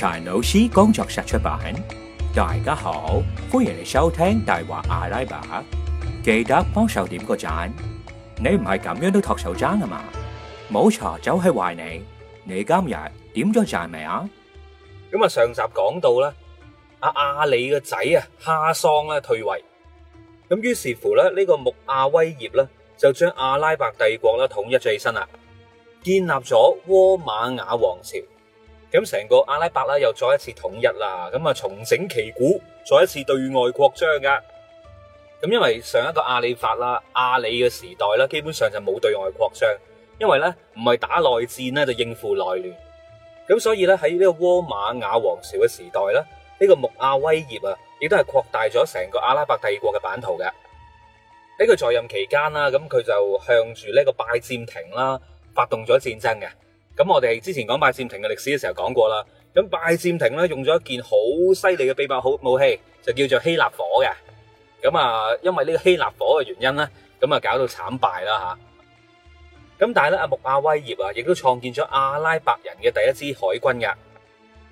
柴老師，工作室出版，大家好，歡迎嚟收聽《大話阿拉伯》。記得幫手點個贊，你唔係咁樣都托手踭啊嘛？冇錯，就係壞你。你今日點咗贊未啊？咁啊，上集講到啦，阿阿里嘅仔啊，哈桑咧退位，咁於是乎咧，呢個穆阿威葉咧就將阿拉伯帝國咧統一咗起身啦，建立咗倭馬亞王朝。咁成個阿拉伯啦，又再一次統一啦，咁啊，重整旗鼓，再一次對外擴張噶。咁因為上一個阿里法啦，阿里嘅時代啦，基本上就冇對外擴張，因為咧唔係打內戰咧就應付內亂。咁所以咧喺呢個倭馬亞王朝嘅時代咧，呢個穆阿威葉啊，亦都係擴大咗成個阿拉伯帝國嘅版圖嘅。喺佢在任期間啦，咁佢就向住呢個拜占庭啦發動咗戰爭嘅。咁我哋之前講拜占庭嘅歷史嘅時候講過啦，咁拜占庭咧用咗一件好犀利嘅秘密好武器，就叫做希臘火嘅。咁啊，因為呢個希臘火嘅原因咧，咁啊搞到慘敗啦吓。咁但係咧，阿穆阿威葉啊，亦都創建咗阿拉伯人嘅第一支海軍噶。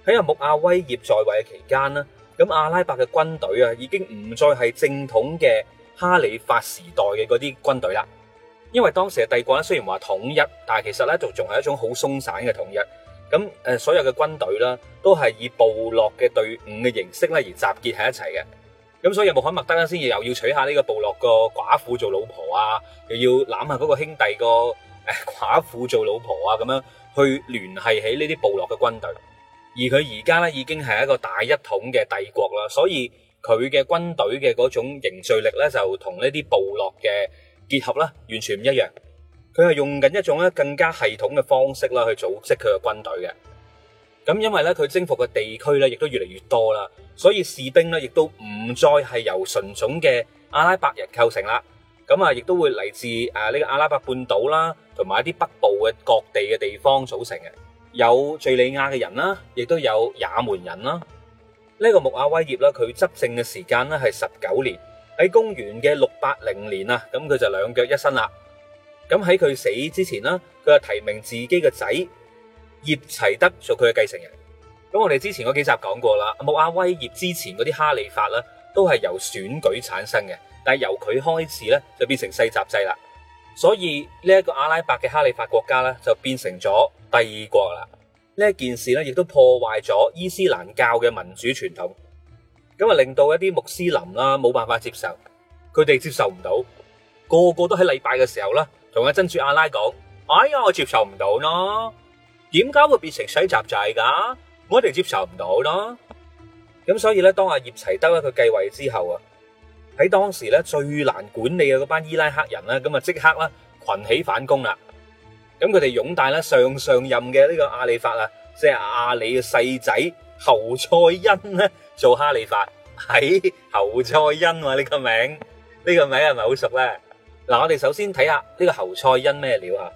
喺阿穆阿威葉在位嘅期間呢，咁阿拉伯嘅軍隊啊，已經唔再係正統嘅哈里發時代嘅嗰啲軍隊啦。因為當時嘅帝國咧，雖然話統一，但係其實咧，仲仲係一種好鬆散嘅統一。咁誒，所有嘅軍隊啦，都係以部落嘅隊伍嘅形式咧而集結喺一齊嘅。咁所以穆罕默德先至又要娶下呢個部落個寡婦做老婆啊，又要攬下嗰個兄弟個誒寡婦做老婆啊，咁樣去聯繫起呢啲部落嘅軍隊。而佢而家咧已經係一個大一統嘅帝國啦，所以佢嘅軍隊嘅嗰種凝聚力咧，就同呢啲部落嘅。結合啦，完全唔一樣。佢係用緊一種咧更加系統嘅方式啦，去組織佢嘅軍隊嘅。咁因為咧佢征服嘅地區咧，亦都越嚟越多啦，所以士兵咧亦都唔再係由純種嘅阿拉伯人構成啦。咁啊，亦都會嚟自誒呢個阿拉伯半島啦，同埋一啲北部嘅各地嘅地方組成嘅，有敘利亞嘅人啦，亦都有也門人啦。呢個穆阿威葉咧，佢執政嘅時間咧係十九年。喺公元嘅六八零年啊，咁佢就兩腳一伸啦。咁喺佢死之前啦，佢就提名自己嘅仔葉齊德做佢嘅繼承人。咁我哋之前嗰幾集講過啦，穆阿威葉之前嗰啲哈里發咧都係由選舉產生嘅，但係由佢開始咧就變成世襲制啦。所以呢一個阿拉伯嘅哈里發國家咧就變成咗帝國啦。呢一件事咧亦都破壞咗伊斯蘭教嘅民主傳統。咁啊，令到一啲穆斯林啦冇辦法接受，佢哋接受唔到，個個都喺禮拜嘅時候啦，同阿真主阿拉講：哎呀，我接受唔到咯，點解會變成世襲制噶？我哋接受唔到咯。咁所以咧，當阿葉齊德佢繼位之後啊，喺當時咧最難管理嘅嗰班伊拉克人啦，咁啊即刻啦群起反攻啦。咁佢哋擁戴咧上上任嘅呢個阿里法啊，即係阿里嘅細仔侯賽因咧。做哈利法喺侯賽因啊。呢個名，呢個名係咪好熟咧？嗱，我哋首先睇下呢個侯賽因咩料啊？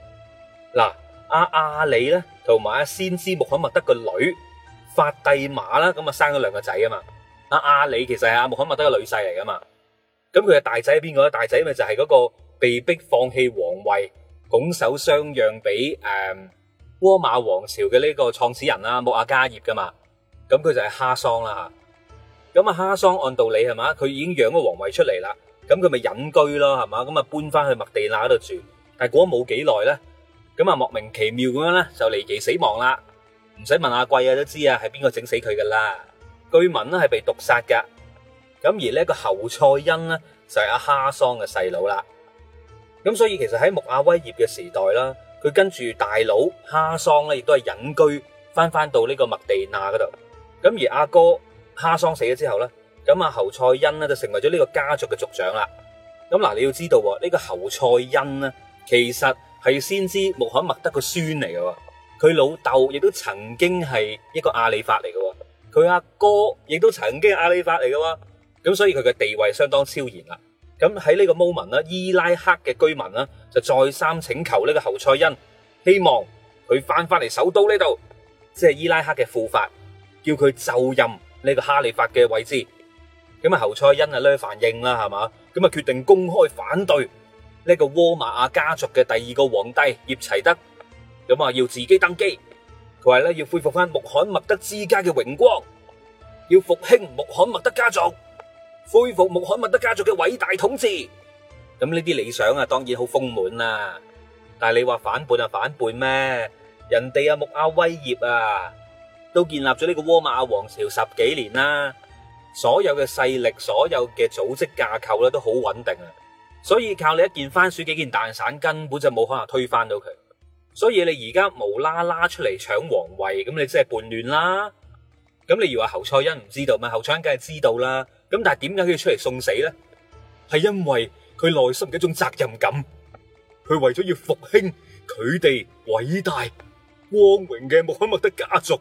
嗱，阿阿里咧同埋阿先知穆罕默德個女法蒂瑪啦，咁啊生咗兩個仔啊嘛。阿阿里其實係阿穆罕默德個女婿嚟噶嘛。咁佢係大仔係邊個咧？大仔咪就係嗰個被逼放棄皇位拱手相讓俾誒倭馬王朝嘅呢個創始人啊，穆阿加業噶嘛。咁佢就係哈桑啦。咁啊，哈桑按道理係嘛，佢已經養咗皇位出嚟啦，咁佢咪隱居咯，係嘛，咁啊搬翻去麥地那嗰度住。但係嗰冇幾耐咧，咁啊莫名其妙咁樣咧就離奇死亡啦，唔使問阿貴啊都知啊係邊個整死佢噶啦，據聞咧係被毒殺噶。咁而呢個侯賽因咧就係阿哈桑嘅細佬啦。咁所以其實喺穆阿威葉嘅時代啦，佢跟住大佬哈桑咧亦都係隱居翻翻到呢個麥地那嗰度。咁而阿哥。哈桑死咗之後咧，咁阿侯賽因咧就成為咗呢個家族嘅族長啦。咁嗱，你要知道呢個侯賽因咧，其實係先知穆罕默德個孫嚟嘅。佢老豆亦都曾經係一個阿里法嚟嘅，佢阿哥亦都曾經係阿里法嚟噶。咁所以佢嘅地位相當超然啦。咁喺呢個 moment 啦，伊拉克嘅居民啦，就再三請求呢個侯賽因，希望佢翻翻嚟首都呢度，即係伊拉克嘅富法，叫佢就任。呢個哈里發嘅位置，咁啊侯賽因啊呢反應啦，係嘛，咁啊決定公開反對呢個窩瑪亞家族嘅第二個皇帝葉齊德，咁啊要自己登基，佢話咧要恢復翻穆罕默德之家嘅榮光，要復興穆罕默德家族，恢復穆罕默德家族嘅偉大統治，咁呢啲理想啊當然好豐滿啦，但係你話反叛啊反叛咩？人哋啊穆阿威葉啊！都建立咗呢個窩馬王朝十幾年啦，所有嘅勢力，所有嘅組織架構咧都好穩定啊，所以靠你一件番薯幾件蛋散根本就冇可能推翻到佢，所以你而家無啦啦出嚟搶皇位，咁你真係叛亂啦！咁你以為侯賽因唔知道咩？侯賽因梗係知道啦，咁但係點解佢要出嚟送死咧？係因為佢內心一種責任感，佢為咗要復興佢哋偉大光榮嘅穆罕默德家族。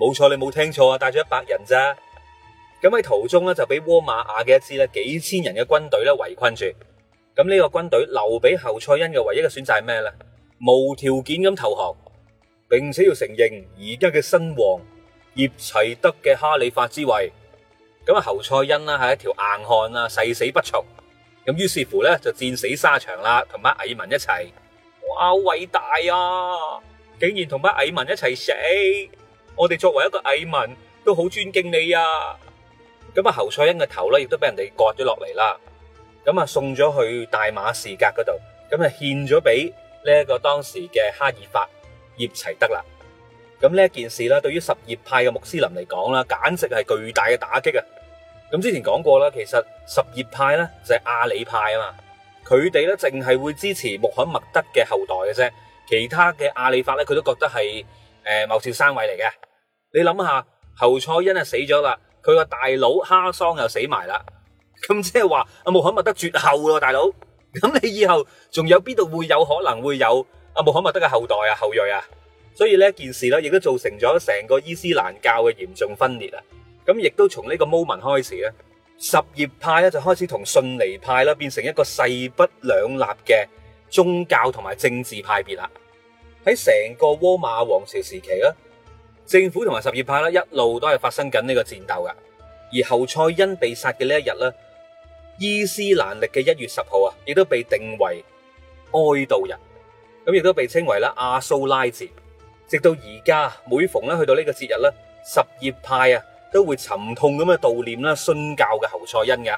冇錯，你冇聽錯啊！帶咗一百人咋？咁喺途中咧就俾倭馬亞嘅一支咧幾千人嘅軍隊咧圍困住。咁呢個軍隊留俾侯賽因嘅唯一嘅選擇係咩咧？無條件咁投降，並且要承認而家嘅新王葉齊德嘅哈里發之位。咁啊侯賽因啦係一條硬漢啊，誓死不從。咁於是乎咧就戰死沙場啦，同埋蟻民一齊。哇！好偉大啊，竟然同班蟻民一齊死。我哋作為一個蟻民，都好尊敬你啊！咁啊，侯賽因嘅頭咧，亦都俾人哋割咗落嚟啦。咁啊，送咗去大馬士革嗰度，咁啊，獻咗俾呢一個當時嘅哈里發葉齊德啦。咁呢一件事呢，對於什葉派嘅穆斯林嚟講啦，簡直係巨大嘅打擊啊！咁之前講過啦，其實什葉派咧就係阿里派啊嘛，佢哋咧淨係會支持穆罕默德嘅後代嘅啫，其他嘅阿里法咧，佢都覺得係誒某少三位嚟嘅。你諗下，侯賽因啊死咗啦，佢個大佬哈桑又死埋啦，咁即係話阿穆罕默德絕後咯，大佬，咁你以後仲有邊度會有可能會有阿穆罕默德嘅後代啊後裔啊？所以呢一件事咧，亦都造成咗成個伊斯蘭教嘅嚴重分裂啊！咁亦都從呢個 moment 開始咧，什葉派咧就開始同遜尼派啦，變成一個勢不兩立嘅宗教同埋政治派別啦。喺成個倭馬王朝時期咧。政府同埋什葉派啦，一路都係發生緊呢個戰鬥噶。而侯賽因被殺嘅呢一日咧，伊斯蘭歷嘅一月十號啊，亦都被定為哀悼日，咁亦都被稱為啦阿蘇拉節。直到而家每逢咧去到呢個節日咧，什葉派啊都會沉痛咁嘅悼念啦，殉教嘅侯賽因嘅。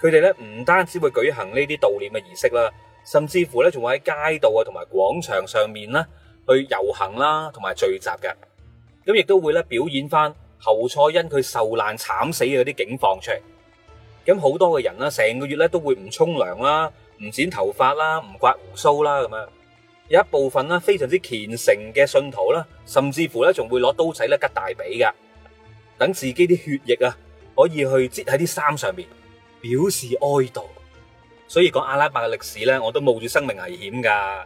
佢哋咧唔單止會舉行呢啲悼念嘅儀式啦，甚至乎咧仲會喺街道啊同埋廣場上面啦去遊行啦，同埋聚集嘅。咁亦都會咧表演翻侯賽因佢受難慘死嘅嗰啲景況出嚟。咁好多嘅人啦，成個月咧都會唔沖涼啦，唔剪頭髮啦，唔刮鬍鬚啦咁樣。有一部分啦，非常之虔誠嘅信徒啦，甚至乎咧仲會攞刀仔咧吉大髀㗎，等自己啲血液啊可以去擠喺啲衫上面，表示哀悼。所以講阿拉伯嘅歷史咧，我都冒住生命危險噶。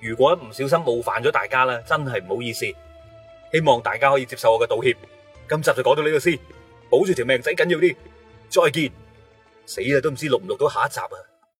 如果唔小心冒犯咗大家咧，真係唔好意思。希望大家可以接受我嘅道歉。今集就講到呢度先，保住條命仔緊要啲。再見。死啦，都唔知錄唔錄到下一集啊！